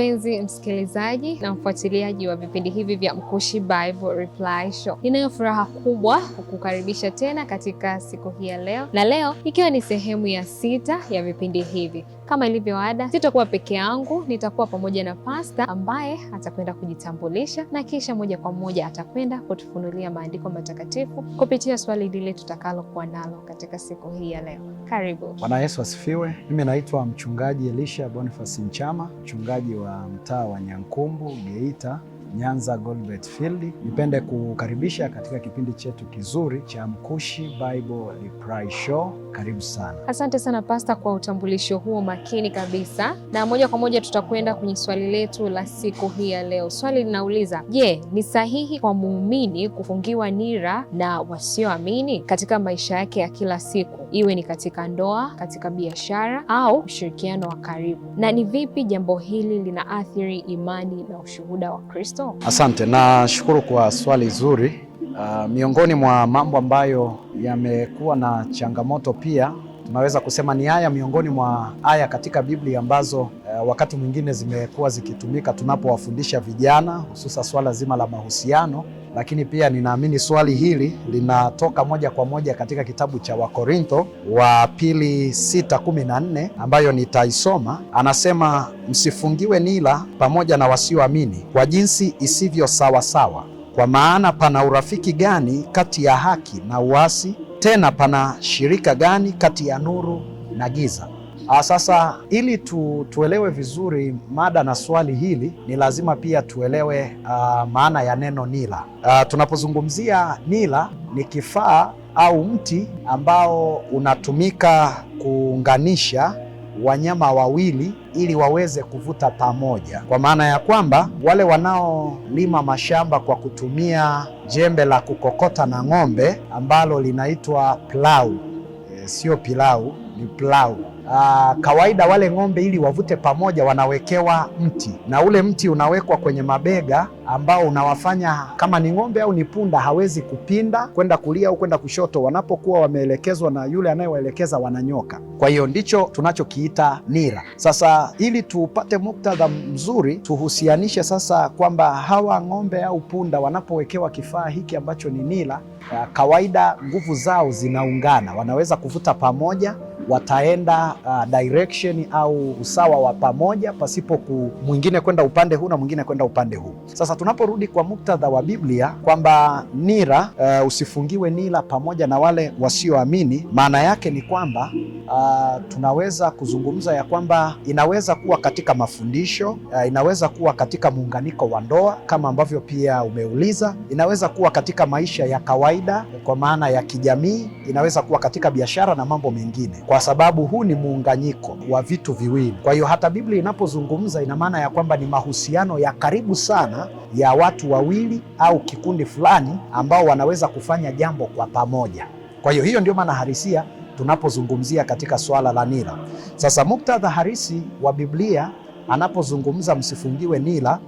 mpenzi msikilizaji na mfuatiliaji wa vipindi hivi vya Mkushi Bible Reply Show, ninayo furaha kubwa kukukaribisha tena katika siku hii ya leo, na leo ikiwa ni sehemu ya sita ya vipindi hivi. Kama ilivyo ada, sitakuwa peke yangu, nitakuwa pamoja na pasta ambaye atakwenda kujitambulisha na kisha moja kwa moja atakwenda kutufunulia maandiko matakatifu kupitia swali lile tutakalokuwa nalo katika siku hii ya leo. Karibu. Bwana Yesu asifiwe. Mimi naitwa mchungaji Elisha Boniface Nchama, mchungaji wa mtaa wa Nyankumbu, Geita. Nyanza Golbert Field. Nipende kukaribisha katika kipindi chetu kizuri cha Mkushi Bible Reply Show. Karibu sana. Asante sana Pasta kwa utambulisho huo makini kabisa, na moja kwa moja tutakwenda kwenye swali letu la siku hii ya leo. Swali linauliza, je, ni sahihi kwa muumini kufungiwa nira na wasioamini katika maisha yake ya kila siku, iwe ni katika ndoa, katika biashara au ushirikiano wa karibu, na ni vipi jambo hili linaathiri imani na ushuhuda wa Kristo? so. Asante, nashukuru kwa swali zuri. Uh, miongoni mwa mambo ambayo yamekuwa na changamoto pia tunaweza kusema ni haya miongoni mwa aya katika Biblia ambazo uh, wakati mwingine zimekuwa zikitumika tunapowafundisha vijana, hususa swala zima la mahusiano lakini pia ninaamini swali hili linatoka moja kwa moja katika kitabu cha Wakorintho wa pili sita na ambayo nitaisoma. Anasema, msifungiwe nila pamoja na wasioamini kwa jinsi isivyo sawasawa, kwa maana pana urafiki gani kati ya haki na uasi? Tena pana shirika gani kati ya nuru na giza? Ah, sasa ili tu, tuelewe vizuri mada na swali hili ni lazima pia tuelewe uh, maana ya neno nila. Uh, tunapozungumzia nila ni kifaa au mti ambao unatumika kuunganisha wanyama wawili ili waweze kuvuta pamoja, kwa maana ya kwamba wale wanaolima mashamba kwa kutumia jembe la kukokota na ng'ombe ambalo linaitwa plau, e, sio pilau, ni plau Uh, kawaida wale ng'ombe ili wavute pamoja wanawekewa mti na ule mti unawekwa kwenye mabega ambao unawafanya kama ni ng'ombe au ni punda hawezi kupinda kwenda kulia au kwenda kushoto, wanapokuwa wameelekezwa na yule anayewaelekeza wananyoka. Kwa hiyo ndicho tunachokiita nira. Sasa ili tupate muktadha mzuri, tuhusianishe sasa kwamba hawa ng'ombe au punda wanapowekewa kifaa hiki ambacho ni nira, kawaida nguvu zao zinaungana, wanaweza kuvuta pamoja wataenda uh, direction au usawa wa pamoja pasipo ku mwingine kwenda upande huu na mwingine kwenda upande huu. Sasa tunaporudi kwa muktadha wa Biblia kwamba nira uh, usifungiwe nira pamoja na wale wasioamini, maana yake ni kwamba uh, tunaweza kuzungumza ya kwamba inaweza kuwa katika mafundisho uh, inaweza kuwa katika muunganiko wa ndoa kama ambavyo pia umeuliza, inaweza kuwa katika maisha ya kawaida kwa maana ya kijamii, inaweza kuwa katika biashara na mambo mengine, kwa sababu huu ni muunganyiko wa vitu viwili. Kwa hiyo hata Biblia inapozungumza ina maana ya kwamba ni mahusiano ya karibu sana ya watu wawili au kikundi fulani ambao wanaweza kufanya jambo kwa pamoja. Kwa hiyo hiyo ndio maana harisia tunapozungumzia katika swala la nira. Sasa muktadha harisi wa Biblia anapozungumza msifungiwe nira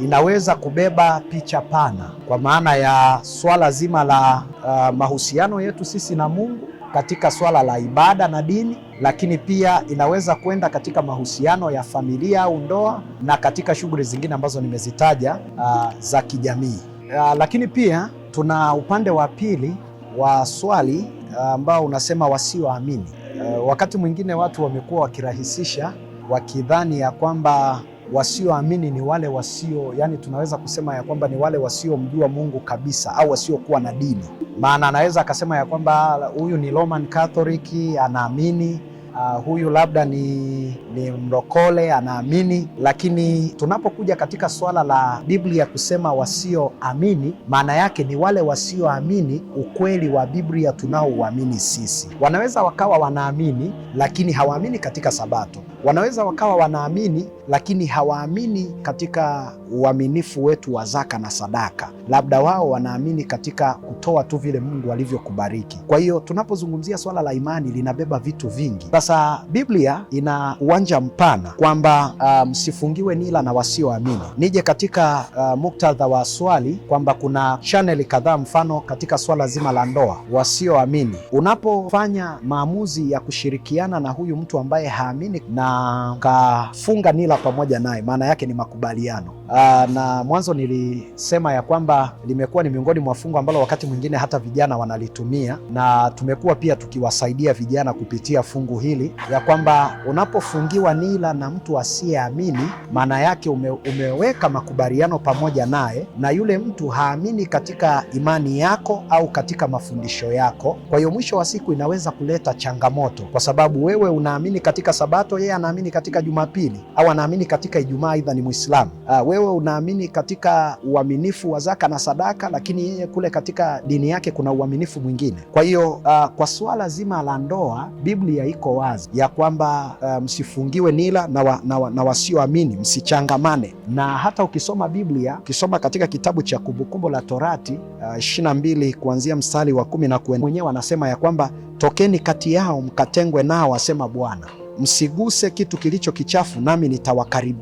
inaweza kubeba picha pana kwa maana ya swala zima la uh, mahusiano yetu sisi na Mungu katika swala la ibada na dini, lakini pia inaweza kwenda katika mahusiano ya familia au ndoa na katika shughuli zingine ambazo nimezitaja uh, za kijamii uh, lakini pia tuna upande wa pili wa swali Ah, ambao unasema wasioamini. Eh, wakati mwingine watu wamekuwa wakirahisisha wakidhani ya kwamba wasioamini ni wale wasio, yani tunaweza kusema ya kwamba ni wale wasiomjua Mungu kabisa au wasiokuwa na dini. Maana anaweza akasema ya kwamba huyu ni Roman Catholic, anaamini Uh, huyu labda ni, ni mrokole anaamini, lakini tunapokuja katika swala la Biblia kusema wasioamini, maana yake ni wale wasioamini ukweli wa Biblia tunaouamini sisi. Wanaweza wakawa wanaamini, lakini hawaamini katika Sabato. Wanaweza wakawa wanaamini lakini hawaamini katika uaminifu wetu wa zaka na sadaka. Labda wao wanaamini katika kutoa tu vile Mungu alivyokubariki. Kwa hiyo tunapozungumzia swala la imani linabeba vitu vingi. Sasa Biblia ina uwanja mpana kwamba msifungiwe um, nila na wasioamini. Nije katika uh, muktadha wa swali kwamba kuna chaneli kadhaa, mfano katika swala zima la ndoa, wasioamini, unapofanya maamuzi ya kushirikiana na huyu mtu ambaye haamini na kafunga nila kula pamoja naye, maana yake ni makubaliano. Aa, ah, na mwanzo nilisema ya kwamba limekuwa ni miongoni mwa fungu ambalo wakati mwingine hata vijana wanalitumia, na tumekuwa pia tukiwasaidia vijana kupitia fungu hili ya kwamba unapofungiwa nila na mtu asiyeamini, maana yake ume, umeweka makubaliano pamoja naye, na yule mtu haamini katika imani yako au katika mafundisho yako. Kwa hiyo mwisho wa siku inaweza kuleta changamoto, kwa sababu wewe unaamini katika Sabato, yeye anaamini katika Jumapili au ana unaamini katika Ijumaa aidha ni Mwislamu, ah, wewe unaamini katika uaminifu wa zaka na sadaka, lakini yeye kule katika dini yake kuna uaminifu mwingine. Kwa hiyo uh, kwa suala zima la ndoa Biblia iko wazi ya kwamba uh, msifungiwe nila na, wa, na, wa, na wasioamini msichangamane. Na hata ukisoma Biblia, ukisoma katika kitabu cha Kumbukumbu la Torati uh, 22 kuanzia mstari wa kumi na mwenyewe anasema ya kwamba tokeni kati yao mkatengwe nao, asema Bwana msiguse kitu kilicho kichafu, nami nitawakarib,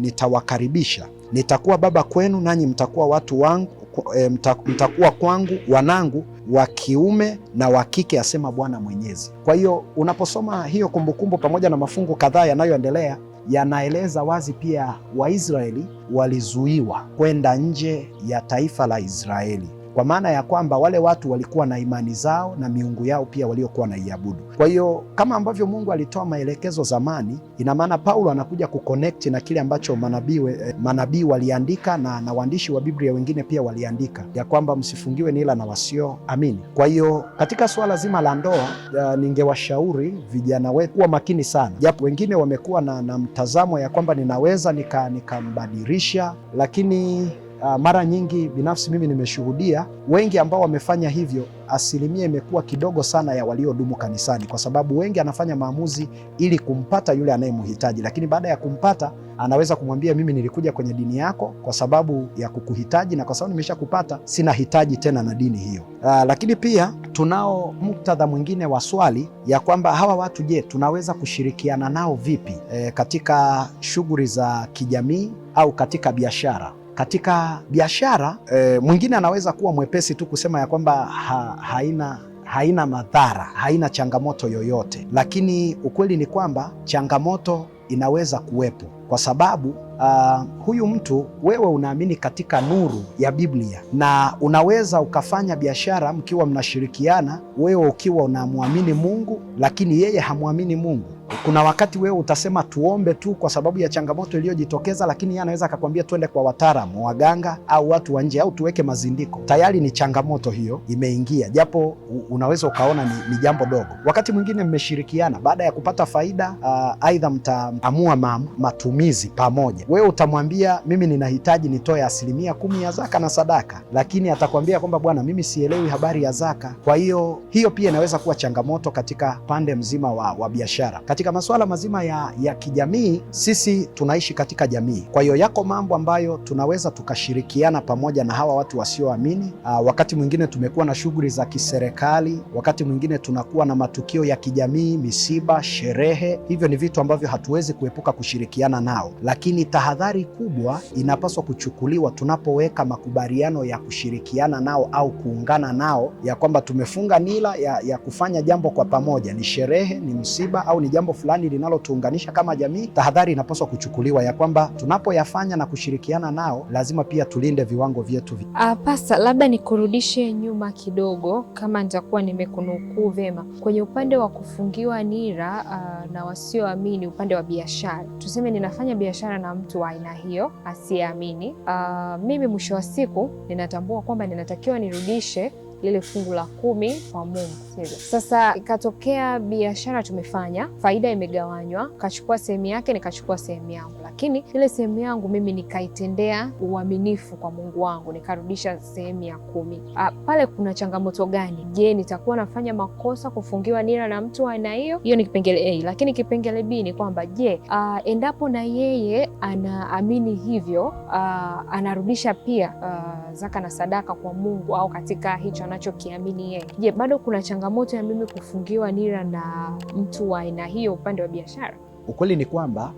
nitawakaribisha, nitakuwa baba kwenu, nanyi mtakuwa watu wangu, e, mtakuwa kwangu wanangu wa kiume na wa kike, asema Bwana Mwenyezi. Kwa hiyo unaposoma hiyo kumbukumbu pamoja na mafungu kadhaa yanayoendelea yanaeleza wazi pia Waisraeli walizuiwa kwenda nje ya taifa la Israeli kwa maana ya kwamba wale watu walikuwa na imani zao na miungu yao pia waliokuwa naiabudu. Kwa hiyo kama ambavyo Mungu alitoa maelekezo zamani, ina maana Paulo anakuja kukonekti na kile ambacho manabii eh, manabii waliandika na, na waandishi wa Biblia wengine pia waliandika ya kwamba msifungiwe nila na wasio amini. Kwa hiyo katika suala zima la ndoa, ningewashauri vijana wetu kuwa makini sana, japo wengine wamekuwa na, na mtazamo ya kwamba ninaweza nikambadilisha nika, lakini uh, mara nyingi binafsi mimi nimeshuhudia wengi ambao wamefanya hivyo, asilimia imekuwa kidogo sana ya waliodumu kanisani, kwa sababu wengi anafanya maamuzi ili kumpata yule anayemhitaji, lakini baada ya kumpata anaweza kumwambia mimi nilikuja kwenye dini yako kwa sababu ya kukuhitaji, na kwa sababu nimeshakupata sina hitaji tena na dini hiyo. Uh, lakini pia tunao muktadha mwingine wa swali ya kwamba hawa watu, je, tunaweza kushirikiana nao vipi e, katika shughuli za kijamii au katika biashara? Katika biashara e, mwingine anaweza kuwa mwepesi tu kusema ya kwamba ha, haina haina madhara, haina changamoto yoyote, lakini ukweli ni kwamba changamoto inaweza kuwepo kwa sababu uh, huyu mtu wewe unaamini katika nuru ya Biblia na unaweza ukafanya biashara mkiwa mnashirikiana, wewe ukiwa unamwamini Mungu lakini yeye hamwamini Mungu. Kuna wakati wewe utasema tuombe tu kwa sababu ya changamoto iliyojitokeza, lakini yeye anaweza akakwambia twende kwa wataalamu, waganga au watu wa nje, au tuweke mazindiko. Tayari ni changamoto hiyo imeingia, japo unaweza ukaona ni, ni jambo dogo. Wakati mwingine mmeshirikiana, baada ya kupata faida uh, aidha mtaamua matumizi pamoja kufanya. Wewe utamwambia mimi ninahitaji nitoe asilimia kumi ya zaka na sadaka, lakini atakwambia kwamba bwana, mimi sielewi habari ya zaka. Kwa hiyo hiyo pia inaweza kuwa changamoto katika pande mzima wa, wa biashara. Katika masuala mazima ya, ya kijamii, sisi tunaishi katika jamii, kwa hiyo yako mambo ambayo tunaweza tukashirikiana pamoja na hawa watu wasioamini. Ah, wakati mwingine tumekuwa na shughuli za kiserikali, wakati mwingine tunakuwa na matukio ya kijamii, misiba, sherehe. Hivyo ni vitu ambavyo hatuwezi kuepuka kushirikiana nao, lakini tahadhari kubwa inapaswa kuchukuliwa tunapoweka makubaliano ya kushirikiana nao au kuungana nao, ya kwamba tumefunga nila ya, ya kufanya jambo kwa pamoja, ni sherehe, ni msiba au ni jambo fulani linalotuunganisha kama jamii. Tahadhari inapaswa kuchukuliwa ya kwamba tunapoyafanya na kushirikiana nao, lazima pia tulinde viwango vyetu. Uh, ah, Pasta, labda nikurudishe nyuma kidogo, kama nitakuwa nimekunukuu vema, kwenye upande wa kufungiwa nira uh, na wasioamini, upande wa biashara, tuseme ninafanya biashara na mtu wa aina hiyo asiyeamini. Uh, mimi mwisho wa siku ninatambua kwamba ninatakiwa nirudishe lile fungu la kumi kwa Mungu. Sasa ikatokea biashara tumefanya, faida imegawanywa, kachukua sehemu yake, nikachukua sehemu yangu, lakini ile sehemu yangu mimi nikaitendea uaminifu kwa Mungu wangu, nikarudisha sehemu ya kumi. A, ah, pale kuna changamoto gani? Je, nitakuwa nafanya makosa kufungiwa nira na mtu aina hiyo? Hiyo ni kipengele A, lakini kipengele B ni kwamba je, a, ah, endapo na yeye anaamini hivyo, a, ah, anarudisha pia a, zaka na sadaka kwa Mungu au katika hicho anachokiamini yeye. Je, bado kuna changamoto ya mimi kufungiwa nira na mtu wa aina hiyo upande wa biashara? Ukweli ni kwamba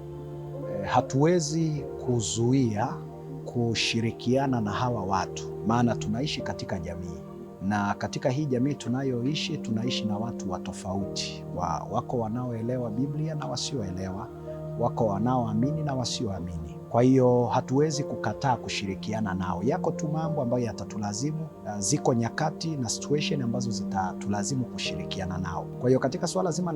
eh, hatuwezi kuzuia kushirikiana na hawa watu, maana tunaishi katika jamii na katika hii jamii tunayoishi tunaishi na watu wa tofauti wa, wako wanaoelewa Biblia na wasioelewa, wako wanaoamini na wasioamini. Kwa hiyo hatuwezi kukataa kushirikiana nao. Yako tu mambo ambayo yatatulazimu, uh, ziko nyakati na situation ambazo zitatulazimu kushirikiana nao. Kwa hiyo katika suala zima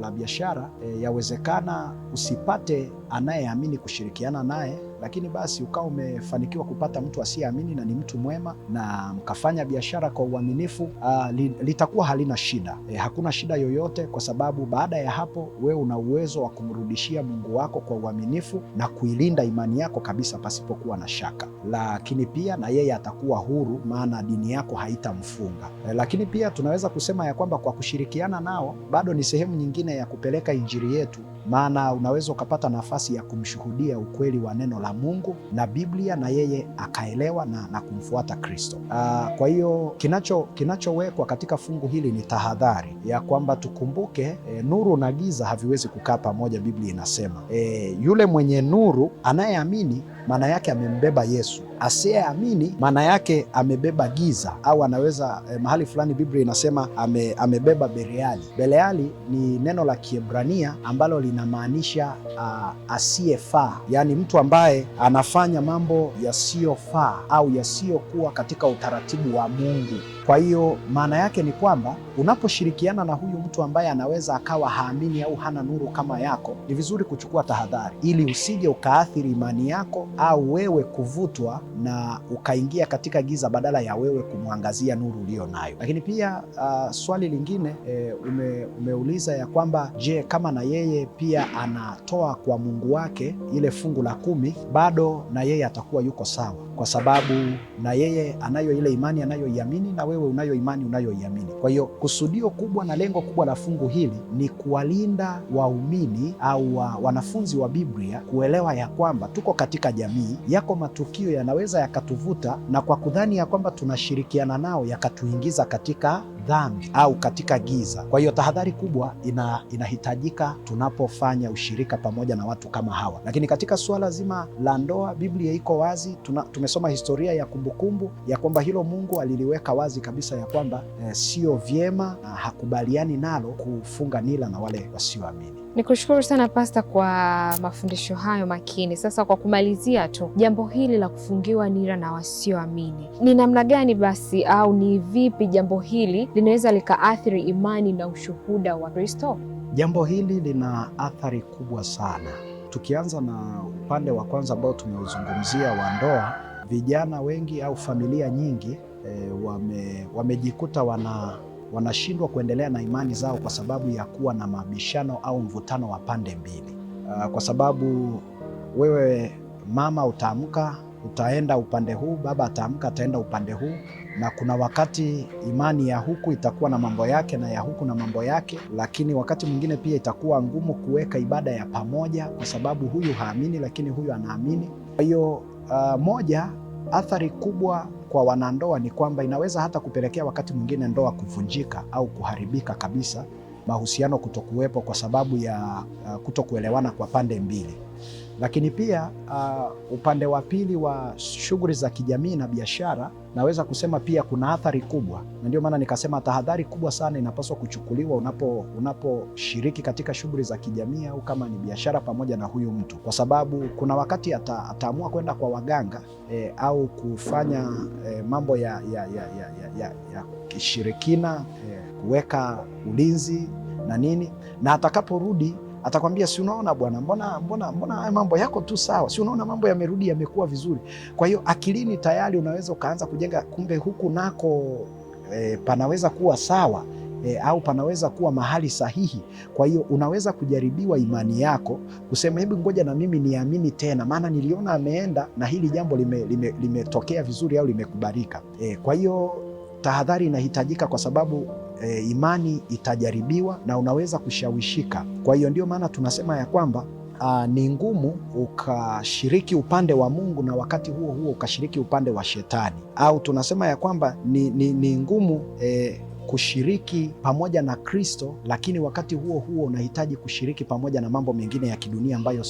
la biashara, eh, yawezekana usipate anayeamini kushirikiana naye lakini basi ukawa umefanikiwa kupata mtu asiyeamini na ni mtu mwema na mkafanya biashara kwa uaminifu, uh, litakuwa halina shida e, hakuna shida yoyote, kwa sababu baada ya hapo wewe una uwezo wa kumrudishia Mungu wako kwa uaminifu na kuilinda imani yako kabisa pasipokuwa na shaka. Lakini pia na yeye atakuwa huru, maana dini yako haitamfunga. E, lakini pia tunaweza kusema ya kwamba kwa kushirikiana nao bado ni sehemu nyingine ya kupeleka injili yetu maana unaweza ukapata nafasi ya kumshuhudia ukweli wa neno la Mungu na Biblia na yeye akaelewa na, na kumfuata Kristo. Uh, kwa hiyo kinacho kinachowekwa katika fungu hili ni tahadhari ya kwamba tukumbuke e, nuru na giza haviwezi kukaa pamoja. Biblia inasema e, yule mwenye nuru anayeamini maana yake amembeba Yesu. Asiyeamini maana yake amebeba giza, au anaweza eh, mahali fulani Biblia inasema ame, amebeba bereali bereali ni neno la Kiebrania ambalo linamaanisha uh, asiyefaa, yaani mtu ambaye anafanya mambo yasiyofaa au yasiyokuwa katika utaratibu wa Mungu. Kwa hiyo maana yake ni kwamba unaposhirikiana na huyu mtu ambaye anaweza akawa haamini au hana nuru kama yako, ni vizuri kuchukua tahadhari ili usije ukaathiri imani yako au wewe kuvutwa na ukaingia katika giza badala ya wewe kumwangazia nuru uliyo nayo. Lakini pia uh, swali lingine e, ume, umeuliza ya kwamba je, kama na yeye pia anatoa kwa Mungu wake ile fungu la kumi, bado na yeye atakuwa yuko sawa, kwa sababu na yeye anayo ile imani anayoiamini na wewe unayo imani unayoiamini. Kwa hiyo kusudio kubwa na lengo kubwa la fungu hili ni kuwalinda waumini au wa, wanafunzi wa Biblia kuelewa ya kwamba tuko katika jamii, yako matukio yanaweza yakatuvuta na kwa kudhani ya kwamba tunashirikiana nao yakatuingiza katika dhambi au katika giza. Kwa hiyo tahadhari kubwa ina, inahitajika tunapofanya ushirika pamoja na watu kama hawa. Lakini katika suala zima la ndoa, Biblia iko wazi. Tuna, tumesoma historia ya kumbukumbu ya kwamba hilo Mungu aliliweka wazi kabisa ya kwamba eh, sio vyema na hakubaliani nalo kufunga nila na wale wasioamini. Nikushukuru sana Pasta kwa mafundisho hayo makini. Sasa kwa kumalizia tu, jambo hili la kufungiwa nira na wasioamini ni namna gani basi, au ni vipi jambo hili linaweza likaathiri imani na ushuhuda wa Kristo? Jambo hili lina athari kubwa sana. Tukianza na upande wa kwanza ambao tumeuzungumzia wa ndoa, vijana wengi au familia nyingi e, wame, wamejikuta wana wanashindwa kuendelea na imani zao kwa sababu ya kuwa na mabishano au mvutano wa pande mbili. Ah, kwa sababu wewe mama utaamka utaenda upande huu, baba ataamka ataenda upande huu, na kuna wakati imani ya huku itakuwa na mambo yake na ya huku na mambo yake. Lakini wakati mwingine pia itakuwa ngumu kuweka ibada ya pamoja, kwa sababu huyu haamini, lakini huyu anaamini. Kwa hiyo uh, moja athari kubwa kwa wanandoa ni kwamba inaweza hata kupelekea wakati mwingine ndoa kuvunjika au kuharibika kabisa, mahusiano kutokuwepo kwa sababu ya uh, kutokuelewana kwa pande mbili. Lakini pia uh, upande wa pili wa shughuli za kijamii na biashara, naweza kusema pia kuna athari kubwa, na ndio maana nikasema tahadhari kubwa sana inapaswa kuchukuliwa unapo unaposhiriki katika shughuli za kijamii au kama ni biashara pamoja na huyu mtu, kwa sababu kuna wakati ata, ataamua kwenda kwa waganga e, au kufanya e, mambo ya, ya, ya, ya, ya, ya, ya kishirikina e, kuweka ulinzi na nini, na atakaporudi atakwambia si unaona bwana, mbona mbona mbona mambo yako tu sawa, si unaona mambo yamerudi yamekuwa vizuri. Kwa hiyo akilini tayari unaweza ukaanza kujenga, kumbe huku nako e, panaweza kuwa sawa E, au panaweza kuwa mahali sahihi. Kwa hiyo unaweza kujaribiwa imani yako kusema, hebu ngoja na mimi niamini tena, maana niliona ameenda na hili jambo limetokea lime, lime vizuri au limekubalika. E, kwa hiyo tahadhari inahitajika kwa sababu e, imani itajaribiwa na unaweza kushawishika. Kwa hiyo ndio maana tunasema ya kwamba ni ngumu ukashiriki upande wa Mungu na wakati huo huo ukashiriki upande wa Shetani, au tunasema ya kwamba ni, ni, ni ngumu e, kushiriki pamoja na Kristo, lakini wakati huo huo unahitaji kushiriki pamoja na mambo mengine ya kidunia ambayo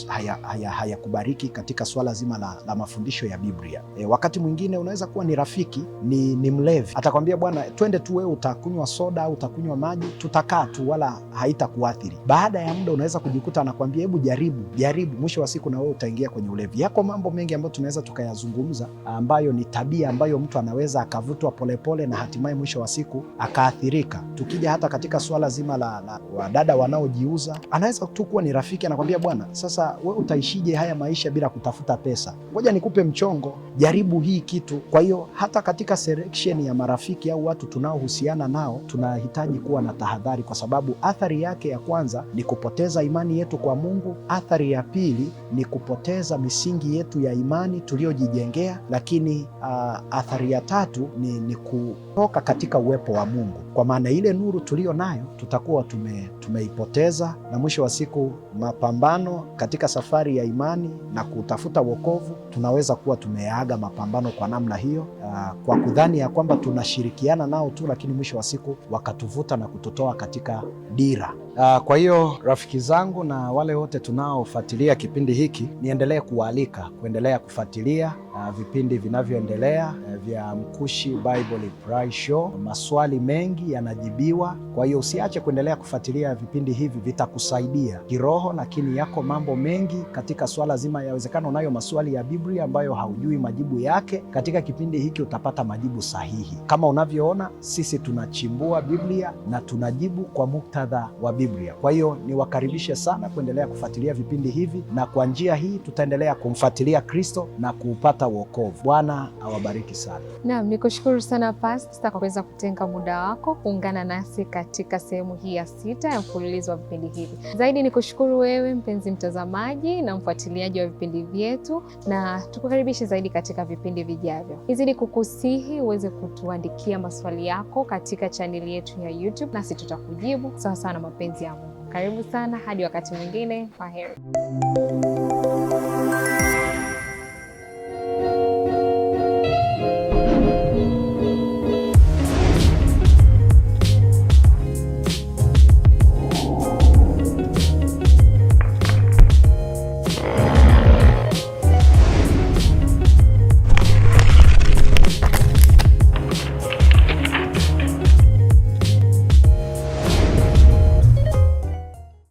hayakubariki haya, haya katika swala zima la, la mafundisho ya Biblia. E, wakati mwingine unaweza kuwa ni rafiki ni, ni mlevi atakwambia, bwana, twende tu, wewe utakunywa soda au utakunywa maji, tutakaa tu, wala haitakuathiri. Baada ya muda unaweza kujikuta anakwambia, hebu jaribu jaribu, mwisho wa siku na wewe utaingia kwenye ulevi. Yako mambo mengi ambayo tunaweza tukayazungumza, ambayo ni tabia ambayo mtu anaweza akavutwa polepole na hatimaye mwisho wa siku akaa ataathirika. Tukija hata katika swala zima la, la wadada wanaojiuza, anaweza tu kuwa ni rafiki anakwambia, bwana, sasa we utaishije haya maisha bila kutafuta pesa? Ngoja nikupe mchongo, jaribu hii kitu. Kwa hiyo hata katika selection ya marafiki au watu tunaohusiana nao tunahitaji kuwa na tahadhari, kwa sababu athari yake ya kwanza ni kupoteza imani yetu kwa Mungu. Athari ya pili ni kupoteza misingi yetu ya imani tuliyojijengea, lakini uh, athari ya tatu ni, ni kutoka katika uwepo wa Mungu. Mungu. Kwa maana ile nuru tuliyo nayo tutakuwa tume tumeipoteza, na mwisho wa siku, mapambano katika safari ya imani na kutafuta wokovu, tunaweza kuwa tumeaga mapambano kwa namna hiyo, ah, kwa kudhani ya kwamba tunashirikiana nao tu, lakini mwisho wa siku wakatuvuta na kututoa katika dira. Ah, kwa hiyo rafiki zangu na wale wote tunaofuatilia kipindi hiki, niendelee kuwaalika kuendelea kufuatilia ah, vipindi vinavyoendelea vya Mkushi Bible Reply Show. Maswali mengi yanajibiwa, kwa hiyo usiache kuendelea kufuatilia ya vipindi hivi vitakusaidia kiroho, lakini yako mambo mengi katika swala zima. Yawezekana unayo maswali ya Biblia ambayo haujui majibu yake, katika kipindi hiki utapata majibu sahihi. Kama unavyoona, sisi tunachimbua Biblia na tunajibu kwa muktadha wa Biblia. Kwa hiyo niwakaribishe sana kuendelea kufuatilia vipindi hivi, na kwa njia hii tutaendelea kumfuatilia Kristo na kuupata wokovu. Bwana awabariki sana. Naam, nikushukuru sana Pastor kwa kuweza kutenga muda wako kuungana nasi katika sehemu hii ya sita mfululizo wa vipindi hivi. Zaidi ni kushukuru wewe mpenzi mtazamaji na mfuatiliaji wa vipindi vyetu, na tukukaribishe zaidi katika vipindi vijavyo. Nizidi kukusihi uweze kutuandikia maswali yako katika chaneli yetu ya YouTube, nasi tutakujibu sawasawa na mapenzi ya Mungu. Karibu sana, hadi wakati mwingine. heri